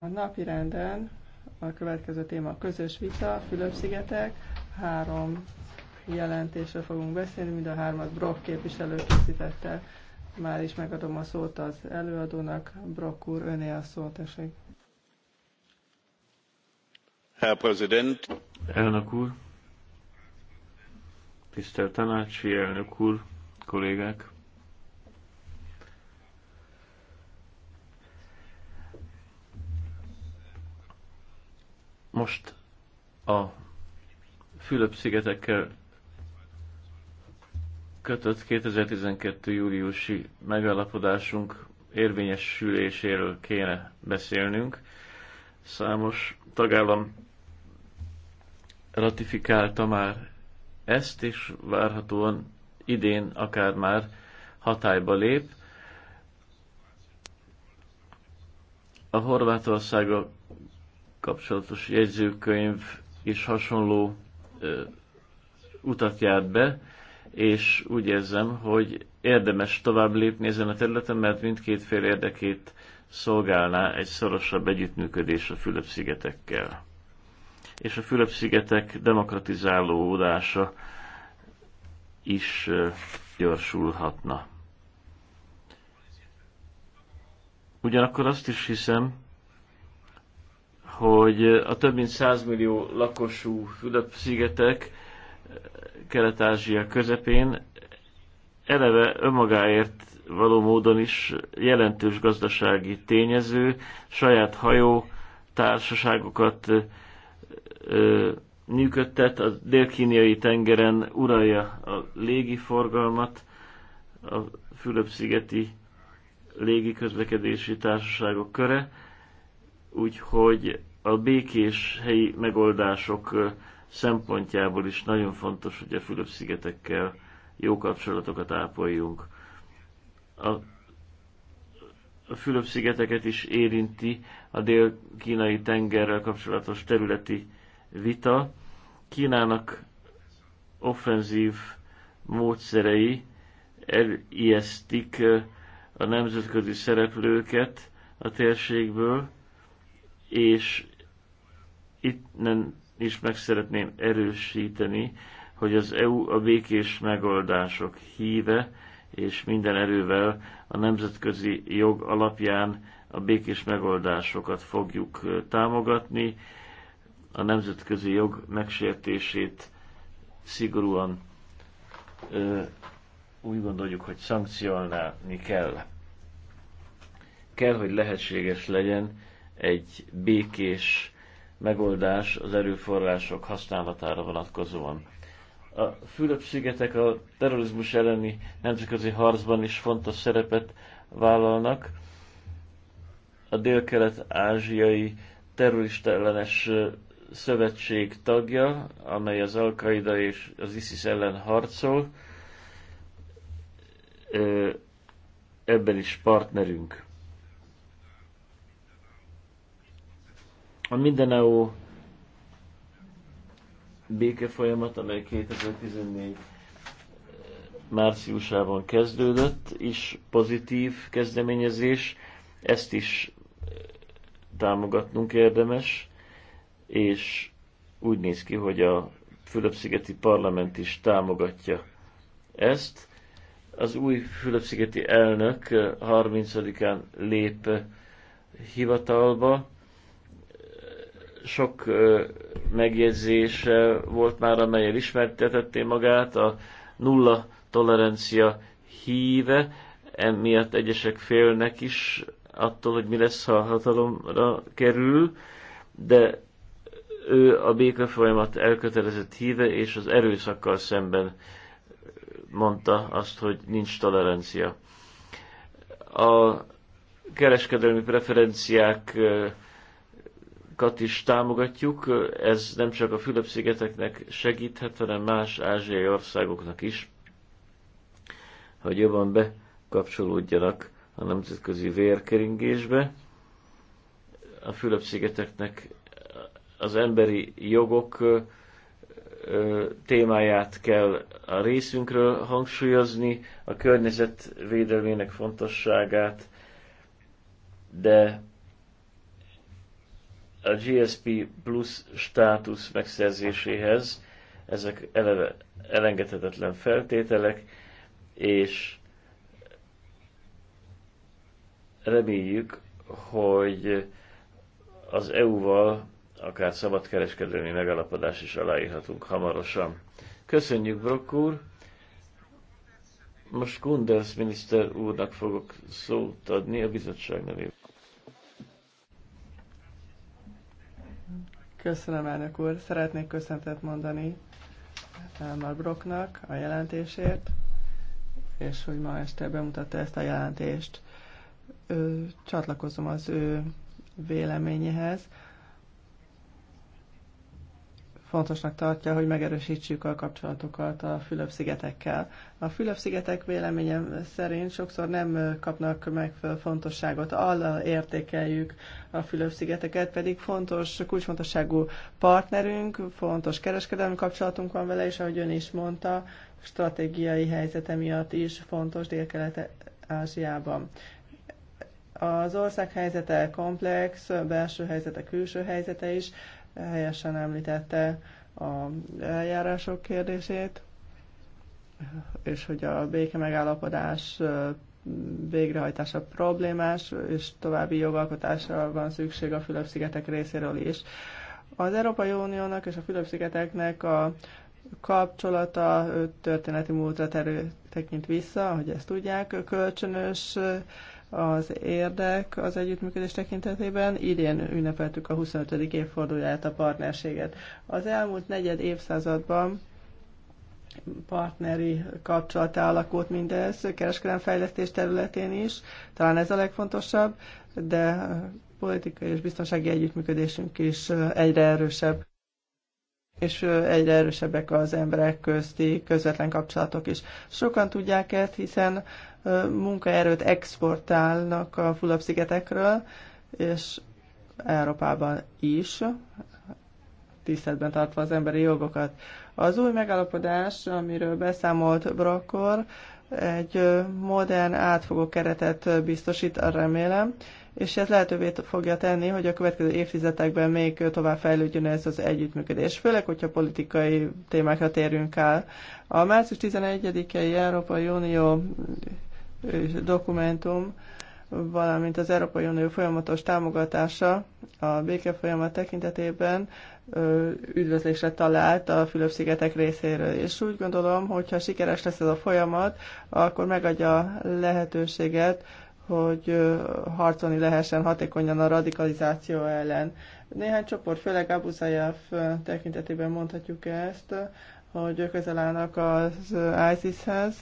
A napi renden a következő téma a közös vita, Fülöp-szigetek. Három jelentésről fogunk beszélni, mind a hármat Brock képviselő készítette. Már is megadom a szót az előadónak. Brock úr, öné a szót, esik. Herr Präsident. Elnök úr. Tisztelt tanácsi elnök úr, kollégák. Most a Fülöp-szigetekkel kötött 2012. júliusi megállapodásunk érvényesüléséről kéne beszélnünk. Számos tagállam ratifikálta már ezt, és várhatóan idén akár már hatályba lép. A Horvátországgal kapcsolatos jegyzőkönyv és hasonló ö, utat járt be, és úgy érzem, hogy érdemes tovább lépni ezen a területen, mert mindkét fél érdekét szolgálná egy szorosabb együttműködés a Fülöp-szigetekkel. És a Fülöp-szigetek demokratizálódása is gyorsulhatna. Ugyanakkor azt is hiszem, hogy a több mint 100 millió lakosú Fülöp-szigetek Kelet-Ázsia közepén eleve önmagáért való módon is jelentős gazdasági tényező, saját hajó társaságokat ö, működtet, a dél kíniai tengeren uralja a légiforgalmat, a Fülöp-szigeti légiközlekedési társaságok köre, úgyhogy a békés helyi megoldások szempontjából is nagyon fontos, hogy a Fülöp-szigetekkel jó kapcsolatokat ápoljunk. A, a Fülöp-szigeteket is érinti a dél-kínai tengerrel kapcsolatos területi vita. Kínának offenzív módszerei elijesztik a nemzetközi szereplőket a térségből, és itt nem is meg szeretném erősíteni, hogy az EU a békés megoldások híve, és minden erővel a nemzetközi jog alapján a békés megoldásokat fogjuk támogatni, a nemzetközi jog megsértését szigorúan ö, úgy gondoljuk, hogy szankcionálni kell. Kell, hogy lehetséges legyen egy békés megoldás az erőforrások használatára vonatkozóan. A Fülöp-szigetek a terrorizmus elleni nemzetközi harcban is fontos szerepet vállalnak. A dél-kelet-ázsiai terrorista ellenes szövetség tagja, amely az Al-Qaida és az ISIS ellen harcol. Ebben is partnerünk. A Mindeneó béke folyamat, amely 2014 eh, márciusában kezdődött, is pozitív kezdeményezés, ezt is eh, támogatnunk érdemes, és úgy néz ki, hogy a Fülöpszigeti parlament is támogatja ezt. Az új Fülöpszigeti elnök 30-án eh, lép hivatalba, sok megjegyzés volt már, amelyel ismertetetté magát, a nulla tolerancia híve, emiatt egyesek félnek is attól, hogy mi lesz, ha hatalomra kerül, de ő a béke folyamat elkötelezett híve, és az erőszakkal szemben mondta azt, hogy nincs tolerancia. A kereskedelmi preferenciák Ázsiaiakat is támogatjuk, ez nem csak a Fülöp-szigeteknek segíthet, hanem más ázsiai országoknak is, hogy jobban bekapcsolódjanak a nemzetközi vérkeringésbe. A Fülöp-szigeteknek az emberi jogok témáját kell a részünkről hangsúlyozni, a környezet védelmének fontosságát, de a GSP plusz státusz megszerzéséhez ezek eleve elengedhetetlen feltételek, és reméljük, hogy az EU-val akár szabadkereskedelmi megalapodás is aláírhatunk hamarosan. Köszönjük, Brock úr! Most Gunders miniszter úrnak fogok szót adni a bizottság nevében. Köszönöm, elnök úr. Szeretnék köszöntet mondani Elmar a jelentésért, és hogy ma este bemutatta ezt a jelentést. csatlakozom az ő véleményéhez fontosnak tartja, hogy megerősítsük a kapcsolatokat a Fülöp-szigetekkel. A Fülöp-szigetek véleményem szerint sokszor nem kapnak meg fontosságot, alla értékeljük a Fülöp-szigeteket, pedig fontos, kulcsfontosságú partnerünk, fontos kereskedelmi kapcsolatunk van vele, és ahogy ön is mondta, stratégiai helyzete miatt is fontos dél ázsiában Az ország helyzete komplex, belső helyzete, külső helyzete is, helyesen említette a eljárások kérdését, és hogy a béke megállapodás végrehajtása problémás, és további jogalkotásra van szükség a Fülöp-szigetek részéről is. Az Európai Uniónak és a Fülöp-szigeteknek a kapcsolata történeti múltra terül, tekint vissza, ahogy ezt tudják, kölcsönös az érdek az együttműködés tekintetében. Idén ünnepeltük a 25. évfordulóját a partnerséget. Az elmúlt negyed évszázadban partneri kapcsolatá alakult mindez, kereskedelemfejlesztés területén is, talán ez a legfontosabb, de politikai és biztonsági együttműködésünk is egyre erősebb és egyre erősebbek az emberek közti közvetlen kapcsolatok is. Sokan tudják ezt, hiszen munkaerőt exportálnak a fulap szigetekről és Európában is, tiszteletben tartva az emberi jogokat. Az új megállapodás, amiről beszámolt Brokkor, egy modern, átfogó keretet biztosít, remélem, és ez lehetővé fogja tenni, hogy a következő évtizedekben még tovább fejlődjön ez az együttműködés, főleg, hogyha politikai témákra térünk el. A március 11-i Európai Unió dokumentum, valamint az Európai Unió folyamatos támogatása a béke folyamat tekintetében üdvözlésre talált a Fülöp-szigetek részéről. És úgy gondolom, hogy ha sikeres lesz ez a folyamat, akkor megadja lehetőséget, hogy harcolni lehessen hatékonyan a radikalizáció ellen. Néhány csoport, főleg Abu Zayaf tekintetében mondhatjuk ezt, hogy közel állnak az ISIS-hez,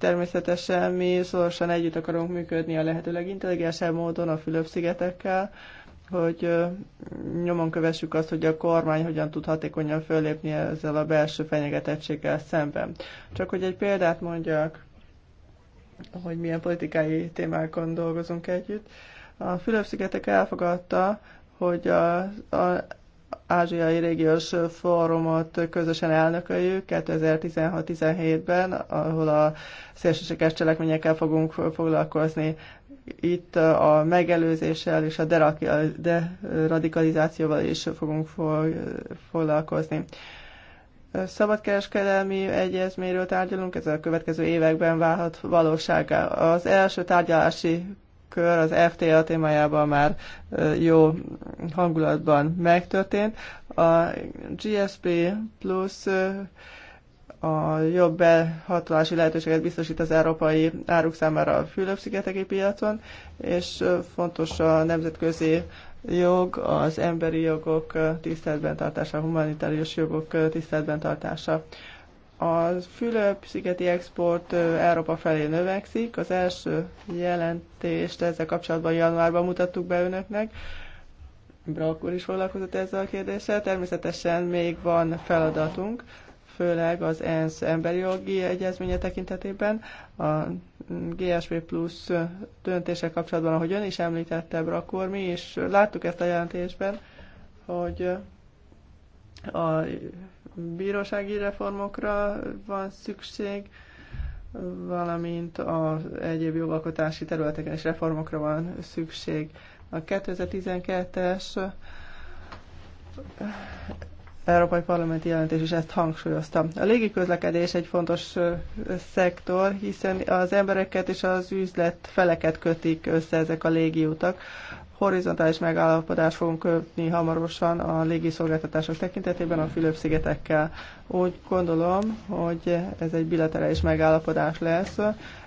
Természetesen mi szorosan együtt akarunk működni a lehető legintelligensebb módon a Fülöp-szigetekkel, hogy nyomon kövessük azt, hogy a kormány hogyan tud hatékonyan fölépni ezzel a belső fenyegetettséggel szemben. Csak hogy egy példát mondjak, hogy milyen politikai témákon dolgozunk együtt. A Fülöp-szigetek elfogadta, hogy a, a ázsiai régiós fórumot közösen elnököljük 2016-17-ben, ahol a szélsőséges cselekményekkel fogunk foglalkozni. Itt a megelőzéssel és a deradikalizációval is fogunk foglalkozni. Szabadkereskedelmi egyezményről tárgyalunk, ez a következő években válhat valósággá. Az első tárgyalási kör az FTA témájában már jó hangulatban megtörtént. A GSP plusz a jobb behatolási lehetőséget biztosít az európai áruk számára a Fülöp-szigeteki piacon, és fontos a nemzetközi jog, az emberi jogok tiszteletben tartása, a humanitárius jogok tiszteletben tartása. A Fülöp-szigeti export Európa felé növekszik. Az első jelentést ezzel kapcsolatban januárban mutattuk be önöknek. Brakkor is foglalkozott ezzel a kérdéssel. Természetesen még van feladatunk, főleg az ENSZ emberi jogi egyezménye tekintetében. A GSP Plus döntése kapcsolatban, ahogy ön is említette, Brakkor, mi is láttuk ezt a jelentésben, hogy a bírósági reformokra van szükség, valamint az egyéb jogalkotási területeken is reformokra van szükség. A 2012-es Európai Parlamenti jelentés is ezt hangsúlyozta. A légiközlekedés egy fontos szektor, hiszen az embereket és az üzlet feleket kötik össze ezek a légiutak. Horizontális megállapodást fogunk kötni hamarosan a légiszolgáltatások tekintetében a Fülöp-szigetekkel. Úgy gondolom, hogy ez egy bilaterális megállapodás lesz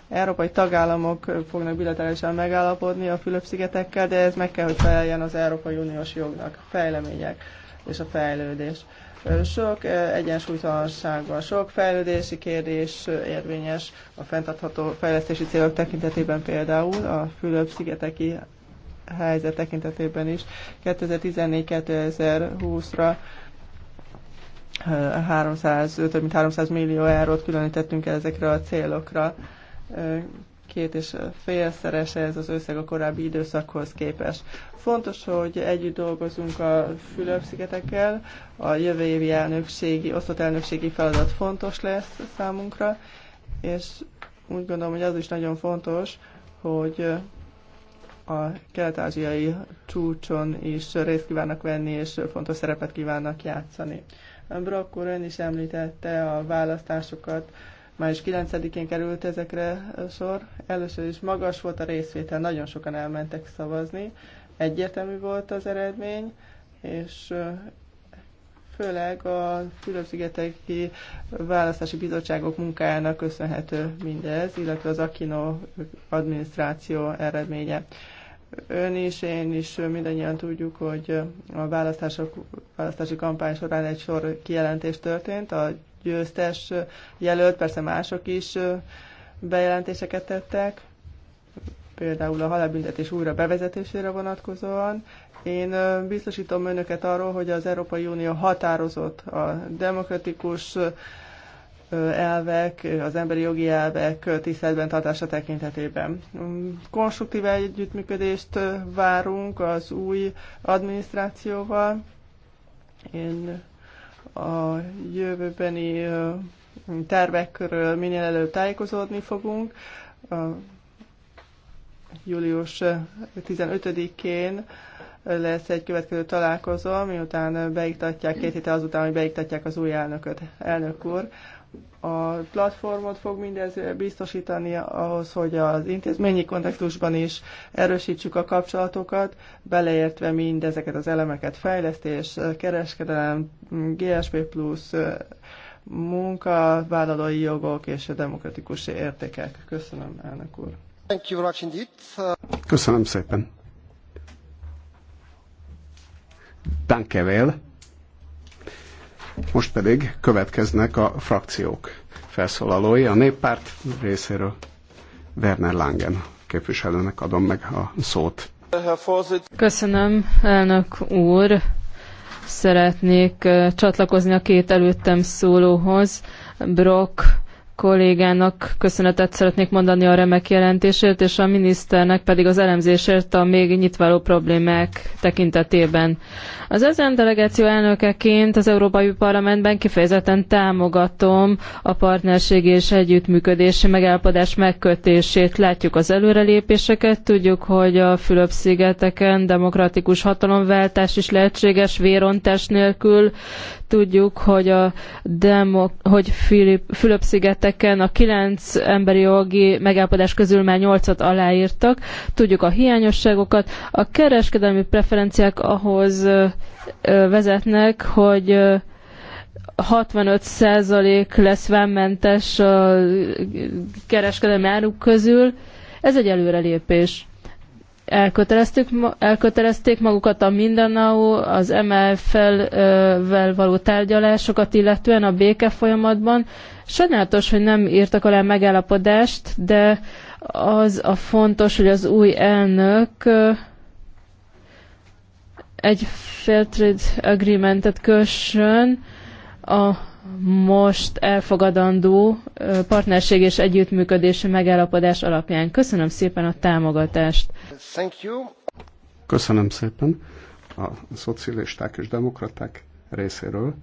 európai tagállamok fognak bilaterálisan megállapodni a Fülöp-szigetekkel, de ez meg kell, hogy feleljen az Európai Uniós jognak. Fejlemények és a fejlődés. Sok egyensúlytalansággal, sok fejlődési kérdés érvényes a fenntartható fejlesztési célok tekintetében például a Fülöp-szigeteki helyzet tekintetében is. 2014-2020-ra több mint 300 millió eurót különítettünk ezekre a célokra két és félszerese ez az összeg a korábbi időszakhoz képest. Fontos, hogy együtt dolgozunk a Fülöp-szigetekkel, a jövő évi elnökségi, osztott elnökségi feladat fontos lesz számunkra, és úgy gondolom, hogy az is nagyon fontos, hogy a kelet-ázsiai csúcson is részt kívánnak venni, és fontos szerepet kívánnak játszani. Brock úr ön is említette a választásokat, Május 9-én került ezekre sor. Először is magas volt a részvétel, nagyon sokan elmentek szavazni. Egyértelmű volt az eredmény, és főleg a Fülöp-szigeteki választási bizottságok munkájának köszönhető mindez, illetve az Akino adminisztráció eredménye. Ön is, én is mindannyian tudjuk, hogy a választások, választási kampány során egy sor kijelentés történt, a győztes jelölt, persze mások is bejelentéseket tettek, például a halálbüntetés újra bevezetésére vonatkozóan. Én biztosítom önöket arról, hogy az Európai Unió határozott a demokratikus elvek, az emberi jogi elvek tiszteletben tartása tekintetében. Konstruktív együttműködést várunk az új adminisztrációval. Én a jövőbeni tervekről minél előbb tájékozódni fogunk. A július 15-én lesz egy következő találkozó, miután beiktatják, két héttel azután, hogy beiktatják az új elnököt. Elnök úr, a platformot fog mindez biztosítani ahhoz, hogy az intézményi kontextusban is erősítsük a kapcsolatokat, beleértve mindezeket az elemeket, fejlesztés, kereskedelem, GSP+, munka, vállalói jogok és a demokratikus értékek. Köszönöm, elnök úr. Thank you much indeed. Köszönöm szépen. Danke well. Most pedig következnek a frakciók felszólalói. A néppárt részéről Werner Langen képviselőnek adom meg a szót. Köszönöm, elnök úr. Szeretnék csatlakozni a két előttem szólóhoz. Brock kollégának köszönetet szeretnék mondani a remek jelentésért, és a miniszternek pedig az elemzésért a még nyitváló problémák tekintetében. Az ezen delegáció elnökeként az Európai Parlamentben kifejezetten támogatom a partnerségi és együttműködési megállapodás megkötését. Látjuk az előrelépéseket, tudjuk, hogy a Fülöp-szigeteken demokratikus hatalomváltás is lehetséges vérontás nélkül, tudjuk, hogy a demo, hogy Fülöp-sziget területeken a kilenc emberi jogi megállapodás közül már nyolcat aláírtak. Tudjuk a hiányosságokat. A kereskedelmi preferenciák ahhoz vezetnek, hogy 65% lesz vámmentes a kereskedelmi áruk közül. Ez egy előrelépés. Elkötelezték, elkötelezték magukat a Mindanao, az MLF-vel való tárgyalásokat, illetően a béke folyamatban, Sajnálatos, hogy nem írtak alá megállapodást, de az a fontos, hogy az új elnök egy fair trade agreementet kössön a most elfogadandó partnerség és együttműködési megállapodás alapján. Köszönöm szépen a támogatást. Thank you. Köszönöm szépen a szocialisták és demokraták részéről.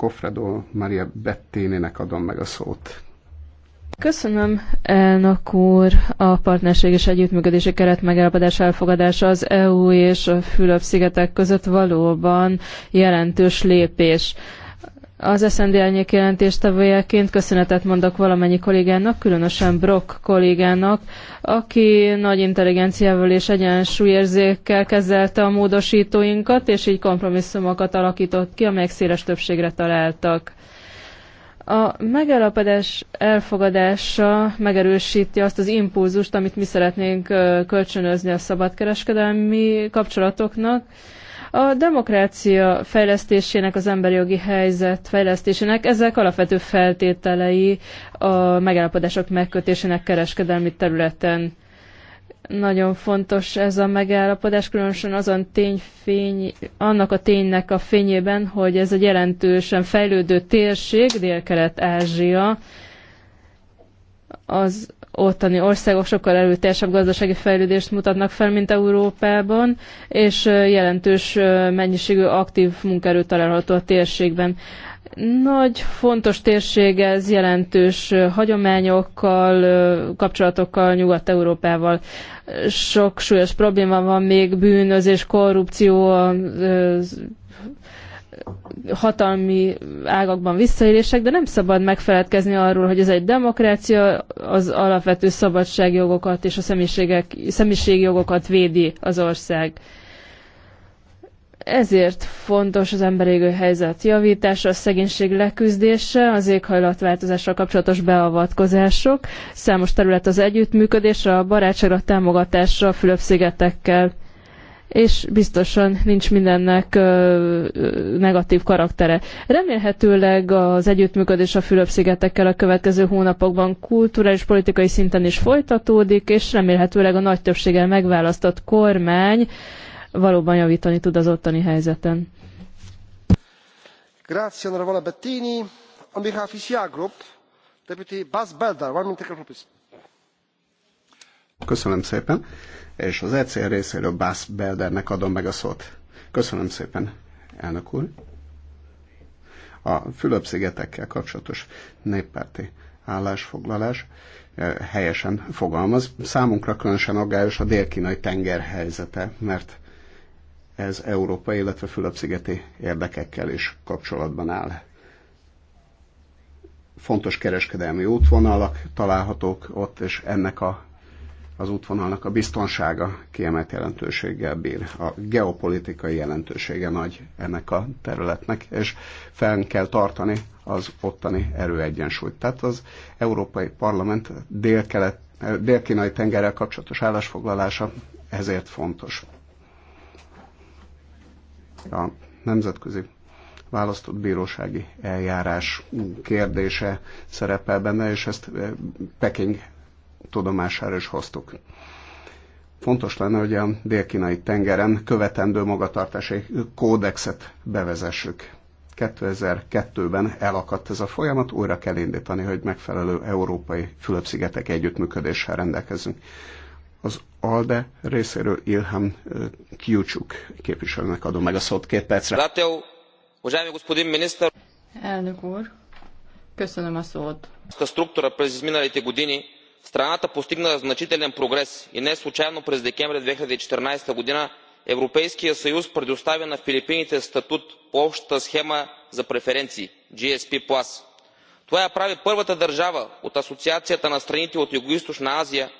Kofredo Maria Bettinének adom meg a szót. Köszönöm, elnök úr. A partnerség és együttműködési keret megállapodás elfogadása az EU és a Fülöp-szigetek között valóban jelentős lépés. Az SZND elnyék jelentéstevőjeként köszönetet mondok valamennyi kollégának, különösen Brock kollégának, aki nagy intelligenciával és egyensúlyérzékkel kezelte a módosítóinkat, és így kompromisszumokat alakított ki, amelyek széles többségre találtak. A megállapodás elfogadása megerősíti azt az impulzust, amit mi szeretnénk kölcsönözni a szabadkereskedelmi kapcsolatoknak, a demokrácia fejlesztésének, az emberi jogi helyzet fejlesztésének ezek alapvető feltételei a megállapodások megkötésének kereskedelmi területen. Nagyon fontos ez a megállapodás, különösen azon tényfény, annak a ténynek a fényében, hogy ez egy jelentősen fejlődő térség, Dél-Kelet-Ázsia, az ottani országok sokkal erőteljesebb gazdasági fejlődést mutatnak fel, mint Európában, és jelentős mennyiségű aktív munkaerő található a térségben. Nagy, fontos térség ez jelentős hagyományokkal, kapcsolatokkal, Nyugat-Európával. Sok súlyos probléma van még, bűnözés, korrupció, hatalmi ágakban visszaélések, de nem szabad megfeledkezni arról, hogy ez egy demokrácia, az alapvető szabadságjogokat és a személyiségjogokat védi az ország. Ezért fontos az emberi helyzet javítása, a szegénység leküzdése, az éghajlatváltozással kapcsolatos beavatkozások, számos terület az együttműködésre, a barátságra, a támogatásra a Fülöp-szigetekkel és biztosan nincs mindennek ö, ö, negatív karaktere. Remélhetőleg az együttműködés a Fülöp-szigetekkel a következő hónapokban kulturális politikai szinten is folytatódik, és remélhetőleg a nagy többséggel megválasztott kormány valóban javítani tud az ottani helyzeten. Grazie, onorevole Bettini. On behalf of group, Deputy Bas Belder, one minute, please. Köszönöm szépen és az ECR részéről Bász Beldernek adom meg a szót. Köszönöm szépen, elnök úr. A Fülöp-szigetekkel kapcsolatos néppárti állásfoglalás eh, helyesen fogalmaz. Számunkra különösen aggályos a dél-kínai tenger helyzete, mert ez európai, illetve Fülöp-szigeti érdekekkel is kapcsolatban áll. Fontos kereskedelmi útvonalak találhatók ott, és ennek a az útvonalnak a biztonsága kiemelt jelentőséggel bír. A geopolitikai jelentősége nagy ennek a területnek, és fenn kell tartani az ottani erőegyensúlyt. Tehát az Európai Parlament dél-kelet, dél-kínai tengerrel kapcsolatos állásfoglalása ezért fontos. A nemzetközi választott bírósági eljárás kérdése szerepel benne, és ezt Peking tudomására is hoztuk. Fontos lenne, hogy a dél-kínai tengeren követendő magatartási kódexet bevezessük. 2002-ben elakadt ez a folyamat, újra kell indítani, hogy megfelelő európai Fülöp-szigetek együttműködéssel rendelkezünk. Az ALDE részéről Ilham Kiucsuk képviselőnek adom meg a szót két percre. Elnök úr, köszönöm a szót. A struktúra przez minelite страната постигна значителен прогрес и неслучайно през декември 2014 г. европейският съюз предостави на филипините статут по общата схема за преференции gsp. това я прави първата държава от асоциацията на страните от югоизточна азия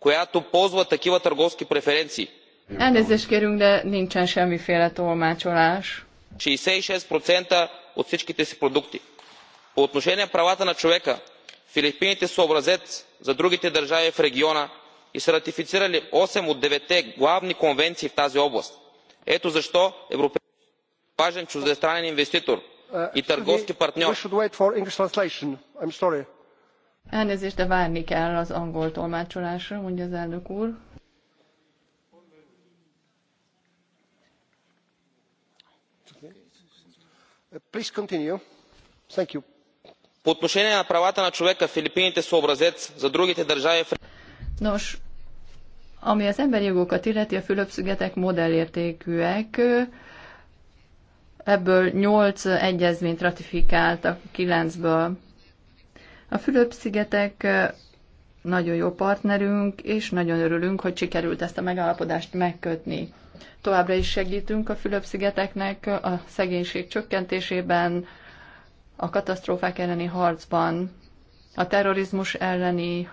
която ползва такива търговски преференции. 66% от всичките си продукти. По отношение правата на човека, филипините са образец за другите държави в региона и са ратифицирали осем от деветте главни конвенции в тази област. ето защо европейският съюз е важен чуждестранен инвеститор и търговски партньор. Elnézést, de várni kell az angol tolmácsolásra, mondja az elnök úr. Please continue. Thank you по отношение на правата на човека Филипините са образец за другите държави. Nos, ami az emberi jogokat illeti, a Fülöp-szigetek modellértékűek, ebből 8 egyezményt ratifikáltak, 9-ből. A Fülöp-szigetek nagyon jó partnerünk, és nagyon örülünk, hogy sikerült ezt a megállapodást megkötni. Továbbra is segítünk a Fülöp-szigeteknek a szegénység csökkentésében, a katasztrófák elleni harcban, a terrorizmus elleni,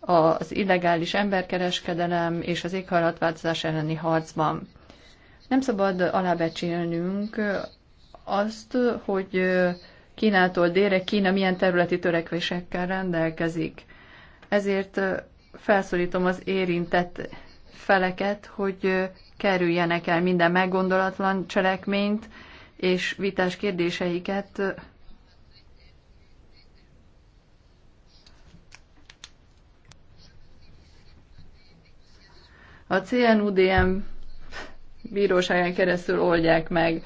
az illegális emberkereskedelem és az éghajlatváltozás elleni harcban. Nem szabad alábecsélnünk azt, hogy Kínától délre Kína milyen területi törekvésekkel rendelkezik. Ezért felszólítom az érintett feleket, hogy kerüljenek el minden meggondolatlan cselekményt, és vitás kérdéseiket a CNUDM bíróságán keresztül oldják meg.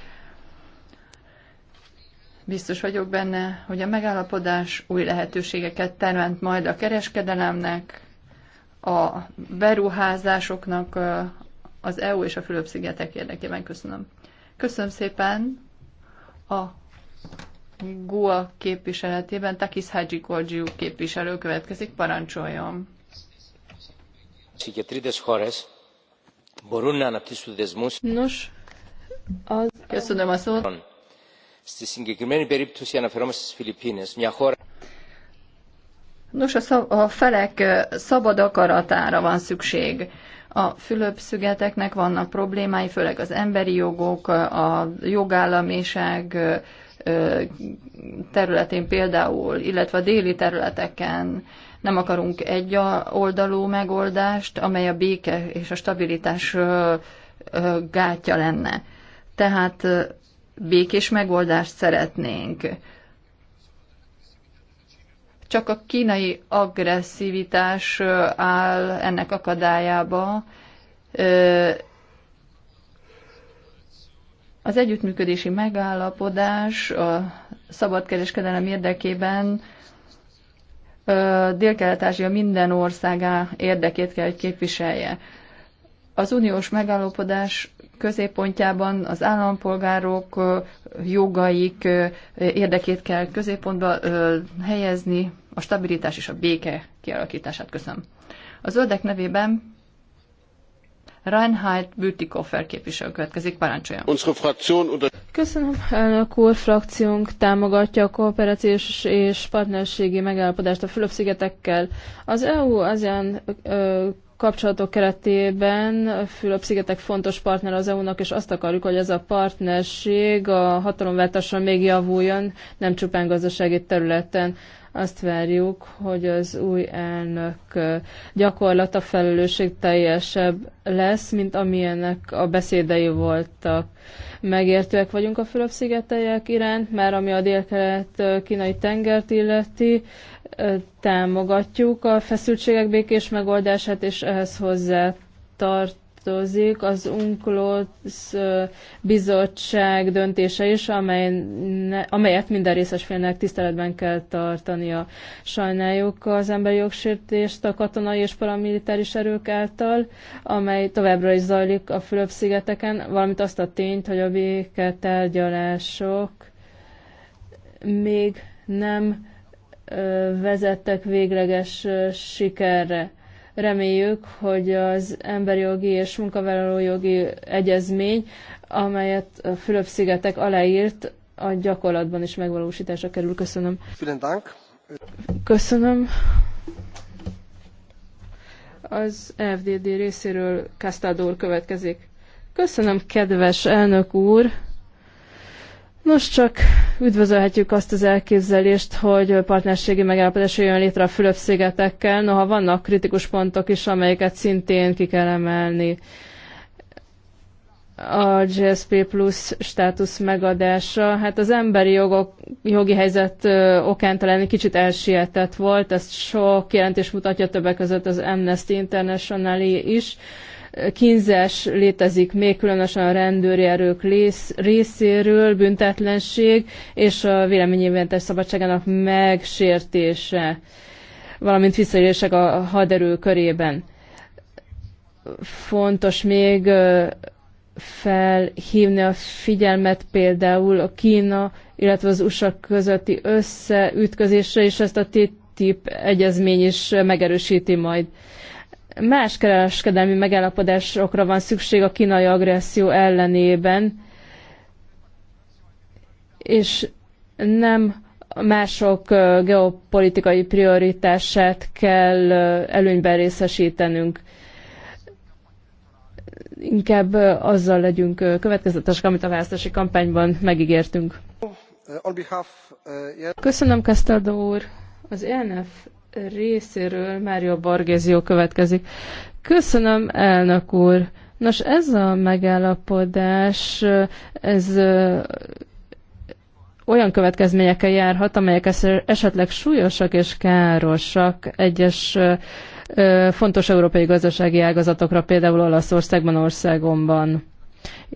Biztos vagyok benne, hogy a megállapodás új lehetőségeket teremt majd a kereskedelemnek, a beruházásoknak az EU és a Fülöp-szigetek érdekében. Köszönöm. Köszönöm szépen a GUA képviseletében Takis Hagyi Korgyiú képviselő következik, parancsoljon. Nos, az... Köszönöm a szót. Στη συγκεκριμένη περίπτωση αναφερόμαστε στις Φιλιππίνες, μια χώρα... Nos, a, szab- a felek szabad akaratára van szükség. A fülöp szügeteknek vannak problémái, főleg az emberi jogok, a jogállamiság területén például, illetve a déli területeken nem akarunk egy oldalú megoldást, amely a béke és a stabilitás gátja lenne. Tehát békés megoldást szeretnénk. Csak a kínai agresszivitás áll ennek akadályába. Az együttműködési megállapodás a szabadkereskedelem érdekében Dél-Kelet-Ázsia minden országá érdekét kell, hogy képviselje. Az uniós megállapodás középpontjában az állampolgárok jogaik érdekét kell középpontba helyezni, a stabilitás és a béke kialakítását. Köszönöm. A zöldek nevében Reinhard Bütikofer képviselő következik, parancsoljon. Köszönöm, elnök úr, frakciónk támogatja a kooperációs és partnerségi megállapodást a Fülöp-szigetekkel. Az EU azon kapcsolatok keretében Fülöp-szigetek fontos partner az EU-nak, és azt akarjuk, hogy ez a partnerség a hatalomváltással még javuljon, nem csupán gazdasági területen. Azt várjuk, hogy az új elnök gyakorlata felelősség teljesebb lesz, mint amilyenek a beszédei voltak. Megértőek vagyunk a fülöp szigetelyek iránt, mert ami a délkelet kínai tengert illeti, támogatjuk a feszültségek békés megoldását, és ehhez hozzá tart tartozik az UNCLOS bizottság döntése is, amely, amelyet minden részes félnek tiszteletben kell tartania. Sajnáljuk az emberi jogsértést a katonai és paramilitáris erők által, amely továbbra is zajlik a Fülöp-szigeteken, valamint azt a tényt, hogy a béketárgyalások még nem vezettek végleges sikerre Reméljük, hogy az emberi jogi és jogi egyezmény, amelyet a Fülöp-szigetek aláírt, a gyakorlatban is megvalósításra kerül. Köszönöm. Köszönöm. Az FDD részéről Kastádor következik. Köszönöm, kedves elnök úr! Nos, csak üdvözölhetjük azt az elképzelést, hogy partnerségi megállapodás jön létre a Fülöp-szigetekkel, noha vannak kritikus pontok is, amelyeket szintén ki kell emelni. A GSP Plus státusz megadása, hát az emberi jogok, jogi helyzet okán talán egy kicsit elsietett volt, ezt sok jelentés mutatja többek között az Amnesty International is kínzás létezik még, különösen a rendőri erők részéről, büntetlenség és a véleményéventes szabadságának megsértése, valamint visszaélések a haderő körében. Fontos még felhívni a figyelmet például a Kína, illetve az USA közötti összeütközésre, és ezt a TTIP egyezmény is megerősíti majd más kereskedelmi megállapodásokra van szükség a kínai agresszió ellenében, és nem mások geopolitikai prioritását kell előnyben részesítenünk. Inkább azzal legyünk következetesek, amit a választási kampányban megígértünk. Köszönöm, Castaldo úr. Az ENF részéről Mário Borgézió következik. Köszönöm, elnök úr. Nos, ez a megállapodás, ez olyan következményekkel járhat, amelyek esetleg súlyosak és károsak egyes fontos európai gazdasági ágazatokra, például Olaszországban, országomban.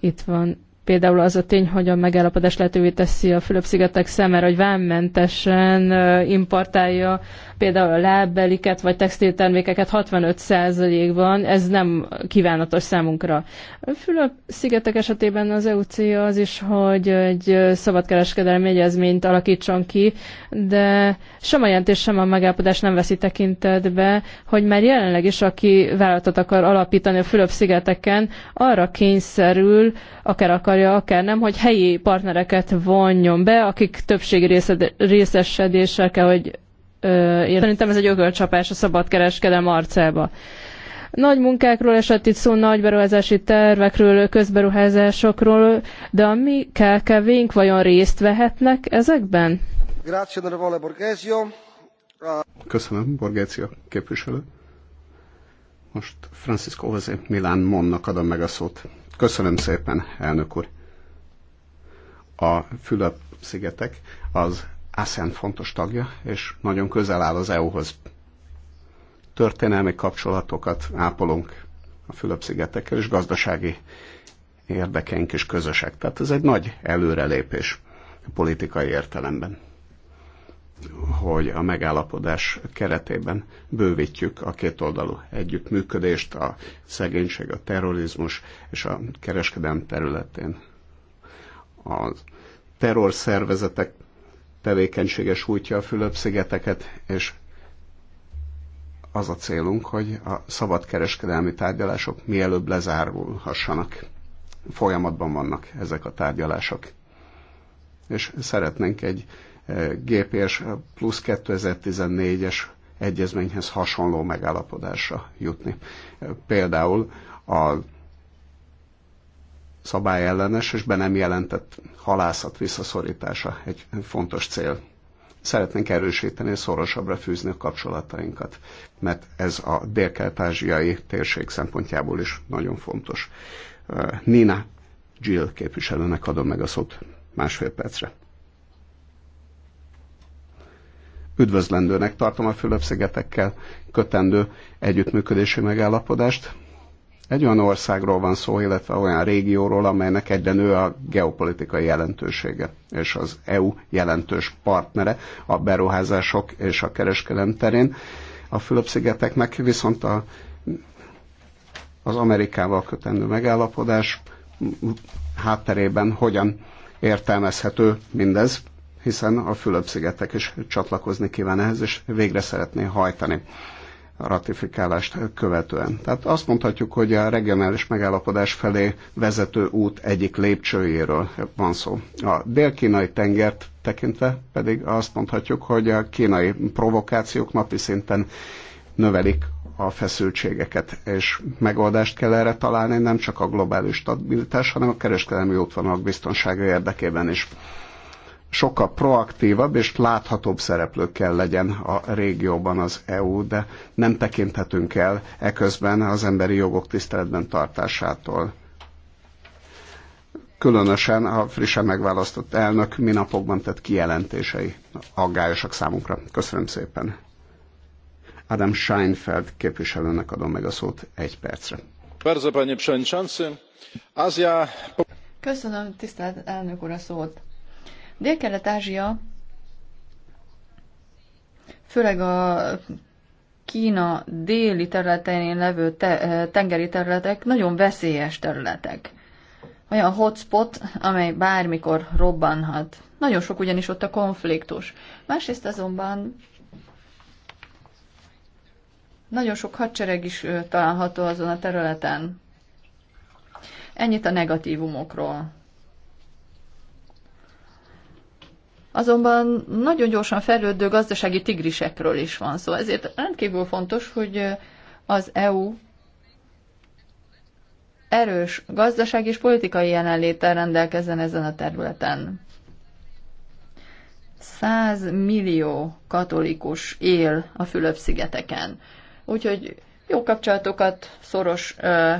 Itt van Például az a tény, hogy a megállapodás lehetővé teszi a Fülöp-szigetek számára, hogy vámmentesen importálja például a lábbeliket vagy textiltermékeket 65%-ban, ez nem kívánatos számunkra. A Fülöp-szigetek esetében az EU célja az is, hogy egy szabadkereskedelmi egyezményt alakítson ki, de sem a jelentés, sem a megállapodás nem veszi tekintetbe, hogy már jelenleg is, aki vállalatot akar alapítani a Fülöp-szigeteken, arra kényszerül, akár akar akarja, akár nem, hogy helyi partnereket vonjon be, akik többségi részesedéssel kell, hogy én szerintem ez egy ökölcsapás a szabadkereskedelem arcába. Nagy munkákról esett itt szó, nagy beruházási tervekről, közberuházásokról, de a mi KKV-nk vajon részt vehetnek ezekben? Köszönöm, Borgézio képviselő. Most Francisco José Milán Monnak adom meg a szót. Köszönöm szépen, elnök úr. A Fülöp-szigetek az ASEAN fontos tagja, és nagyon közel áll az EU-hoz. Történelmi kapcsolatokat ápolunk a Fülöp-szigetekkel, és gazdasági érdekeink is közösek. Tehát ez egy nagy előrelépés politikai értelemben hogy a megállapodás keretében bővítjük a kétoldalú együttműködést a szegénység, a terrorizmus és a kereskedelem területén. A terrorszervezetek tevékenységes útja a Fülöp-szigeteket, és az a célunk, hogy a szabad kereskedelmi tárgyalások mielőbb lezárulhassanak. Folyamatban vannak ezek a tárgyalások. És szeretnénk egy GPS plusz 2014-es egyezményhez hasonló megállapodásra jutni. Például a szabályellenes és be nem jelentett halászat visszaszorítása egy fontos cél. Szeretnénk erősíteni, szorosabbra fűzni a kapcsolatainkat, mert ez a dél-kelet-ázsiai térség szempontjából is nagyon fontos. Nina Jill képviselőnek adom meg a szót másfél percre. üdvözlendőnek tartom a Fülöp-szigetekkel kötendő együttműködési megállapodást. Egy olyan országról van szó, illetve olyan régióról, amelynek egyre nő a geopolitikai jelentősége, és az EU jelentős partnere a beruházások és a kereskedelem terén. A Fülöp-szigeteknek viszont a, az Amerikával kötendő megállapodás hátterében hogyan értelmezhető mindez, hiszen a Fülöp-szigetek is csatlakozni kíván ehhez, és végre szeretné hajtani a ratifikálást követően. Tehát azt mondhatjuk, hogy a regionális megállapodás felé vezető út egyik lépcsőjéről van szó. A dél-kínai tengert tekintve pedig azt mondhatjuk, hogy a kínai provokációk napi szinten növelik a feszültségeket, és megoldást kell erre találni, nem csak a globális stabilitás, hanem a kereskedelmi útvonalak biztonsága érdekében is sokkal proaktívabb és láthatóbb szereplő kell legyen a régióban az EU, de nem tekinthetünk el eközben az emberi jogok tiszteletben tartásától. Különösen a frissen megválasztott elnök minapokban tett kijelentései aggályosak számunkra. Köszönöm szépen. Adam Scheinfeld képviselőnek adom meg a szót egy percre. Köszönöm, tisztelt elnök úr a szót. Dél-Kelet-Ázsia, főleg a Kína déli területén levő te- tengeri területek nagyon veszélyes területek. Olyan hotspot, amely bármikor robbanhat. Nagyon sok ugyanis ott a konfliktus. Másrészt azonban nagyon sok hadsereg is található azon a területen. Ennyit a negatívumokról. Azonban nagyon gyorsan fejlődő gazdasági tigrisekről is van szó. Ezért rendkívül fontos, hogy az EU erős gazdaság és politikai jelenléttel rendelkezzen ezen a területen. 100 millió katolikus él a Fülöp-szigeteken. Úgyhogy jó kapcsolatokat, szoros ö,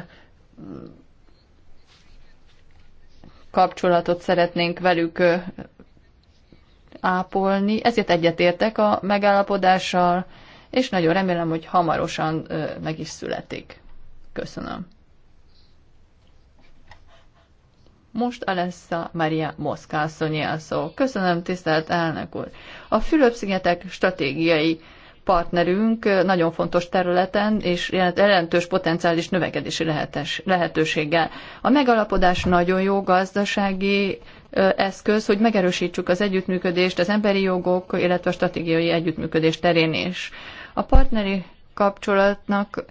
kapcsolatot szeretnénk velük ápolni, ezért egyetértek a megállapodással, és nagyon remélem, hogy hamarosan meg is születik. Köszönöm. Most Alessa Maria Moszkászonyi a szó. Köszönöm, tisztelt elnök úr. A Fülöp-szigetek stratégiai partnerünk nagyon fontos területen és jelentős potenciális növekedési lehetőséggel. A megalapodás nagyon jó gazdasági eszköz, hogy megerősítsük az együttműködést az emberi jogok, illetve a stratégiai együttműködés terén is. A partneri kapcsolatnak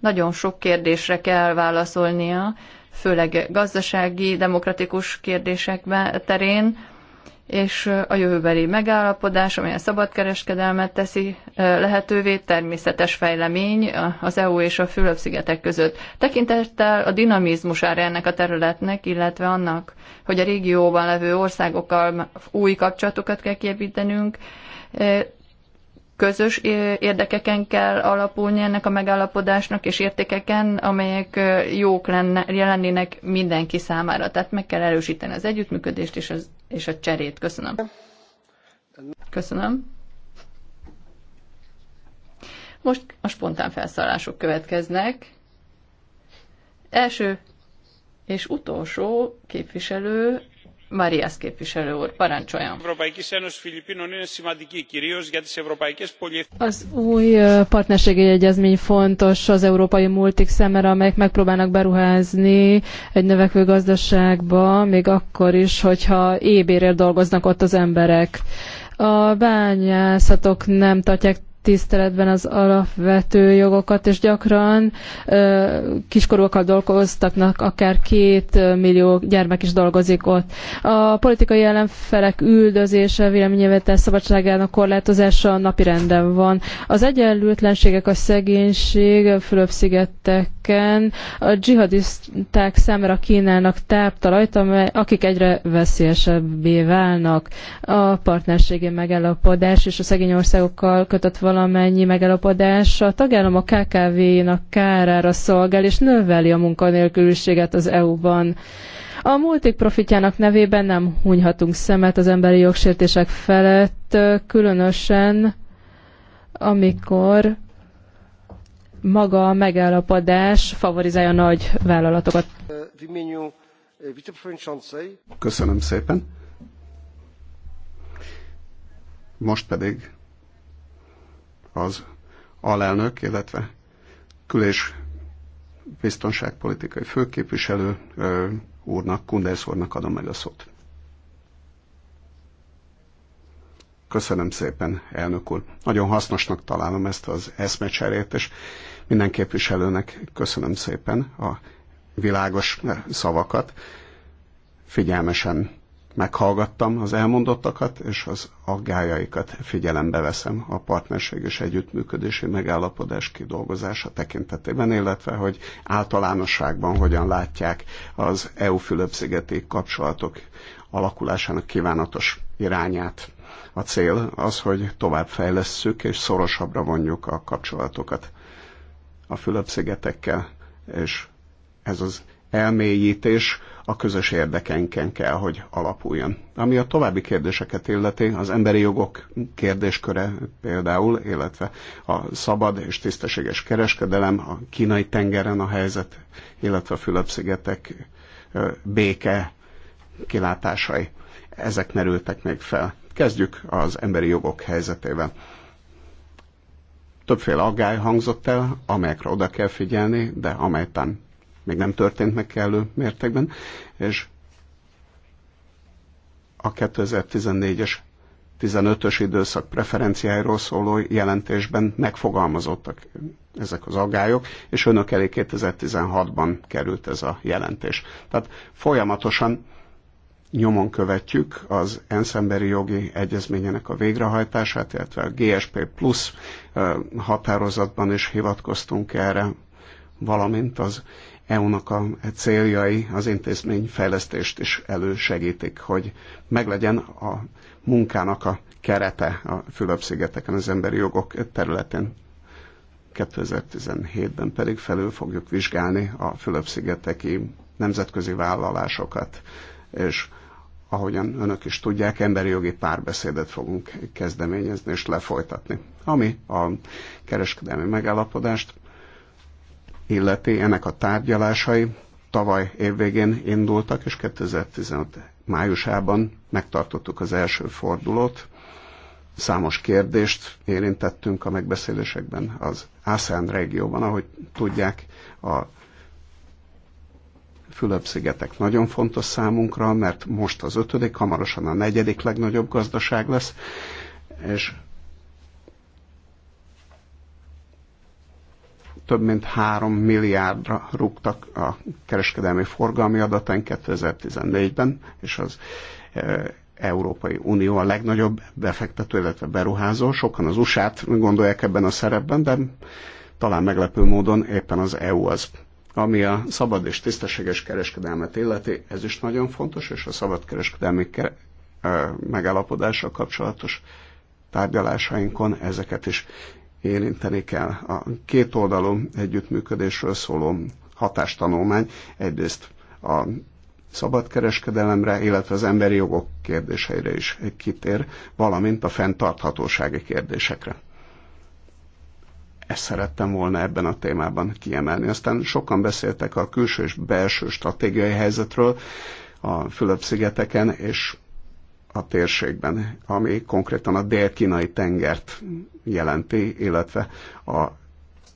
nagyon sok kérdésre kell válaszolnia, főleg gazdasági, demokratikus kérdések terén, és a jövőbeli megállapodás, amely a szabadkereskedelmet teszi lehetővé, természetes fejlemény az EU és a Fülöp-szigetek között. Tekintettel a dinamizmusára ennek a területnek, illetve annak, hogy a régióban levő országokkal új kapcsolatokat kell kiépítenünk, közös érdekeken kell alapulni ennek a megállapodásnak, és értékeken, amelyek jók lenne, jelennének mindenki számára. Tehát meg kell erősíteni az együttműködést és, az, és a cserét. Köszönöm. Köszönöm. Most a spontán felszállások következnek. Első és utolsó képviselő Marias képviselő úr, parancsoljon. Az új partnerségi egyezmény fontos az európai multik szemére, amelyek megpróbálnak beruházni egy növekvő gazdaságba, még akkor is, hogyha ébérért dolgoznak ott az emberek. A bányászatok nem tartják tiszteletben az alapvető jogokat, és gyakran ö, kiskorúakkal dolgoztatnak, akár két millió gyermek is dolgozik ott. A politikai ellenfelek üldözése, véleményevetel szabadságának korlátozása napirenden van. Az egyenlőtlenségek, a szegénység Fülöp-szigetek helyeken a dzsihadisták számára kínálnak táptalajt, amely, akik egyre veszélyesebbé válnak. A partnerségi megállapodás és a szegény országokkal kötött valamennyi megállapodás a tagállamok a KKV-nak kárára szolgál és növeli a munkanélküliséget az EU-ban. A multik profitjának nevében nem hunyhatunk szemet az emberi jogsértések felett, különösen amikor maga a megállapodás favorizálja a nagy vállalatokat. Köszönöm szépen. Most pedig az alelnök, illetve külés biztonságpolitikai főképviselő úrnak, Kunders úrnak adom meg a szót. Köszönöm szépen, elnök úr. Nagyon hasznosnak találom ezt az eszmecserét, és minden képviselőnek köszönöm szépen a világos szavakat. Figyelmesen meghallgattam az elmondottakat, és az aggájaikat figyelembe veszem a partnerség és együttműködési megállapodás kidolgozása tekintetében, illetve hogy általánosságban hogyan látják az EU-Fülöp-szigeti kapcsolatok alakulásának kívánatos irányát. A cél az, hogy fejlesszük és szorosabbra vonjuk a kapcsolatokat a Fülöp-szigetekkel, és ez az elmélyítés a közös érdekenken kell, hogy alapuljon. Ami a további kérdéseket illeti, az emberi jogok kérdésköre például, illetve a szabad és tisztességes kereskedelem, a kínai tengeren a helyzet, illetve a Fülöp-szigetek béke kilátásai. Ezek merültek még fel. Kezdjük az emberi jogok helyzetével. Többféle aggály hangzott el, amelyekre oda kell figyelni, de amelyben még nem történt meg kellő mértékben, és a 2014-es 15-ös időszak preferenciáiról szóló jelentésben megfogalmazottak ezek az aggályok, és önök elé 2016-ban került ez a jelentés. Tehát folyamatosan nyomon követjük az ENSZ emberi jogi egyezményének a végrehajtását, illetve a GSP plusz határozatban is hivatkoztunk erre, valamint az EU-nak a céljai az intézmény fejlesztést is elősegítik, hogy meglegyen a munkának a kerete a Fülöp-szigeteken az emberi jogok területén. 2017-ben pedig felül fogjuk vizsgálni a Fülöp-szigeteki nemzetközi vállalásokat, és ahogyan önök is tudják, emberi jogi párbeszédet fogunk kezdeményezni és lefolytatni. Ami a kereskedelmi megállapodást illeti, ennek a tárgyalásai tavaly évvégén indultak, és 2015 májusában megtartottuk az első fordulót. Számos kérdést érintettünk a megbeszélésekben az ASEAN régióban, ahogy tudják, a Fülöp-szigetek nagyon fontos számunkra, mert most az ötödik, hamarosan a negyedik legnagyobb gazdaság lesz, és több mint 3 milliárdra rúgtak a kereskedelmi forgalmi adatán 2014-ben, és az e, Európai Unió a legnagyobb befektető, illetve beruházó. Sokan az USA-t gondolják ebben a szerepben, de talán meglepő módon éppen az EU az, ami a szabad és tisztességes kereskedelmet illeti, ez is nagyon fontos, és a szabad kereskedelmi ke- megállapodással kapcsolatos tárgyalásainkon ezeket is érinteni kell. A két oldalú együttműködésről szóló hatástanulmány egyrészt a szabadkereskedelemre, illetve az emberi jogok kérdéseire is kitér, valamint a fenntarthatósági kérdésekre. Ezt szerettem volna ebben a témában kiemelni. Aztán sokan beszéltek a külső és belső stratégiai helyzetről a Fülöp-szigeteken és a térségben, ami konkrétan a dél-kínai tengert jelenti, illetve a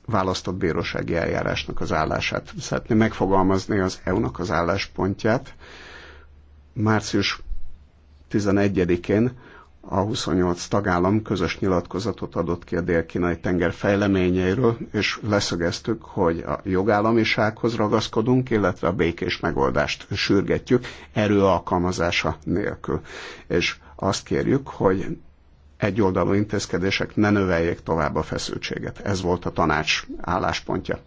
választott bírósági eljárásnak az állását. Szeretném megfogalmazni az EU-nak az álláspontját. Március 11-én a 28 tagállam közös nyilatkozatot adott ki a dél-kínai tenger fejleményeiről, és leszögeztük, hogy a jogállamisághoz ragaszkodunk, illetve a békés megoldást sürgetjük erő alkalmazása nélkül. És azt kérjük, hogy egyoldalú intézkedések ne növeljék tovább a feszültséget. Ez volt a tanács álláspontja.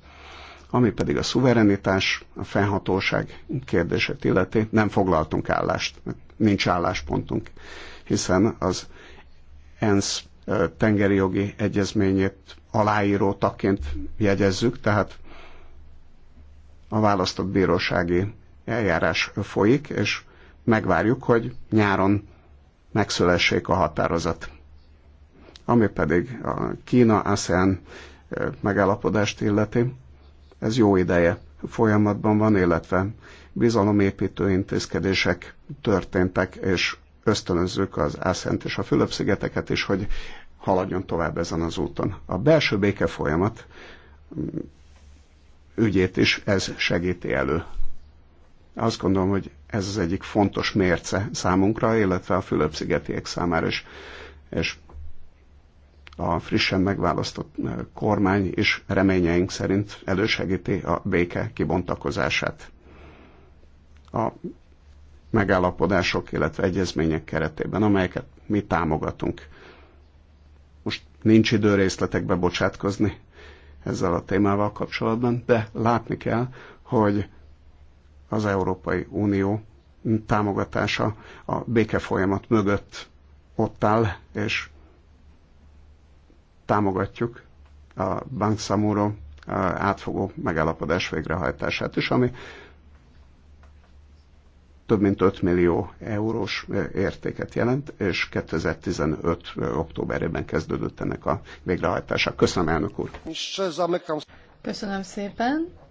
Ami pedig a szuverenitás, a fennhatóság kérdését illeti, nem foglaltunk állást, nincs álláspontunk hiszen az ENSZ tengeri jogi egyezményét aláíró tagként jegyezzük, tehát a választott bírósági eljárás folyik, és megvárjuk, hogy nyáron megszülessék a határozat. Ami pedig a Kína-ASEAN megállapodást illeti, ez jó ideje folyamatban van, illetve bizalomépítő intézkedések történtek, és ösztönözzük az Ászent és a Fülöp-szigeteket is, hogy haladjon tovább ezen az úton. A belső béke folyamat mm, ügyét is ez segíti elő. Azt gondolom, hogy ez az egyik fontos mérce számunkra, illetve a Fülöp-szigetiek számára is. És a frissen megválasztott eh, kormány is reményeink szerint elősegíti a béke kibontakozását. A megállapodások, illetve egyezmények keretében, amelyeket mi támogatunk. Most nincs idő részletekbe bocsátkozni ezzel a témával kapcsolatban, de látni kell, hogy az Európai Unió támogatása a békefolyamat mögött ott áll, és támogatjuk a Bank Samuro átfogó megállapodás végrehajtását is, ami több mint 5 millió eurós értéket jelent, és 2015. októberében kezdődött ennek a végrehajtása. Köszönöm, elnök úr! Köszönöm szépen!